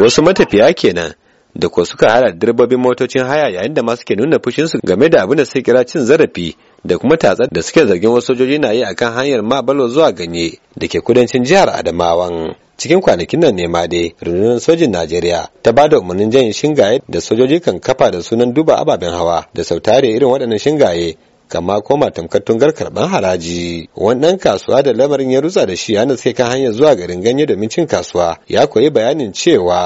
wasu matafiya kenan da ko suka hada direbobin motocin haya yayin da masu ke nuna fushin su game da abin da suke kira cin zarafi da kuma tatsar da suke zargin wasu sojoji na yi akan hanyar mabalo zuwa ganye da ke kudancin jihar adamawan cikin kwanakin nan ne ma dai rundunar sojin najeriya ta ba da umarnin jan shingaye da sojoji kan kafa da sunan duba ababen hawa da sautare irin waɗannan shingaye kama koma tamkar tungar karban haraji wannan kasuwa da lamarin ya rusa da shi yana sai kan hanyar zuwa garin ganye domin cin kasuwa ya koyi bayanin cewa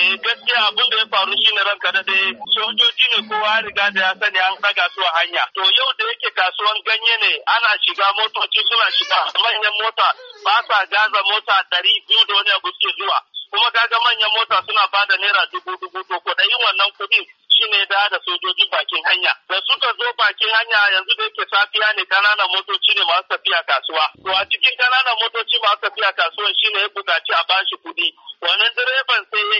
eh gaskiya abin da ya faru shine ranka da dai sojoji ne kowa riga da ya sani an daga su a hanya to yau da yake kasuwan ganye ne ana shiga motoci suna shiga manyan mota ba sa gaza mota ɗari biyu da wani abu suke zuwa kuma kaga manyan mota suna bada naira dubu dubu to kuɗin wannan kuɗin ne da da sojoji bakin hanya da suka zo bakin hanya yanzu da yake safiya ne kananan motoci ne masu tafiya kasuwa to a cikin kananan motoci masu tafiya shi ne ya buƙaci a bashi kuɗi wannan direban sai ya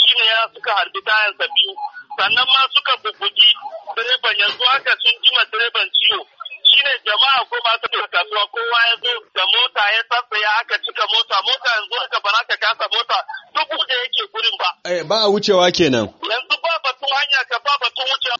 ki ne ya suka harbi tayan biyu sannan ma suka bubugi direban yanzu haka sun jima direban ciwo Shi ne jama'a ko masu tafiya kasuwa kowa ya zo da mota ya tsatsaya aka cika mota mota yanzu aka bana ka kasa mota duk da yake gurin ba eh, ba a wucewa kenan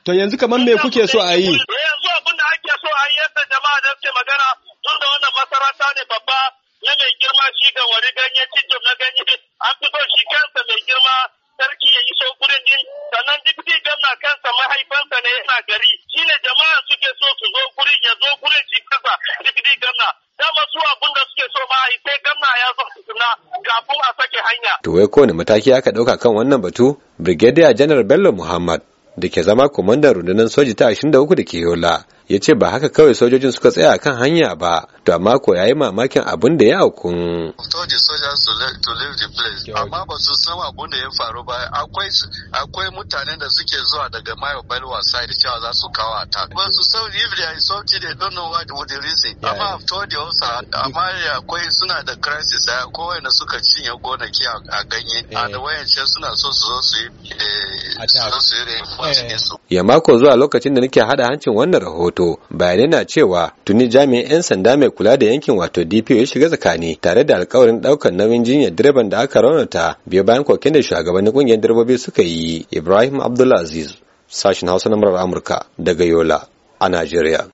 To yanzu kamar me kuke so a yi? Yanzu abin da ake so a yi yadda jama'a da suke magana tun da wannan masarauta ne babba na mai girma shi ga wani ganye cikin na ganye an fi so shi kansa mai girma sarki ya so kurin din sannan dipti ganna kansa mahaifansa ne yana gari shine jama'a suke so su zo gurin ya zo gurin shi kansa dipti ganna dama su abin da suke so ma sai ganna ya zo tukuna kafin a sake hanya. To wai kowane mataki aka ɗauka kan wannan batu? Brigadier General Bello Muhammad da ke zama kwamandan rundunar soji ta 23 da ke yola ya ce ba haka kawai sojojin suka tsaya kan hanya ba to amma ko yayi mamakin abin da ya aukun amma ba su san abin da ya faru ba akwai akwai mutanen da suke zuwa daga mayo balwa side cewa za su kawo attack ba su san if they are salty they don't know what would the reason amma I've told you also amma akwai suna da crisis a kowai da suka cinye gonaki a ganye a da wayance suna so su zo su yi eh, su yi reinforce su ya mako zuwa lokacin da nake hada hancin wannan rahoto sokoto bayanai na cewa tuni jami'in 'yan sanda mai kula da yankin wato dpo ya shiga tsakani tare da alkawarin daukar nauyin jinyar direban da aka raunata biyo bayan koken da shugabannin kungiyar direbobi suka yi ibrahim abdulaziz sashen hausa na murar amurka daga yola a najeriya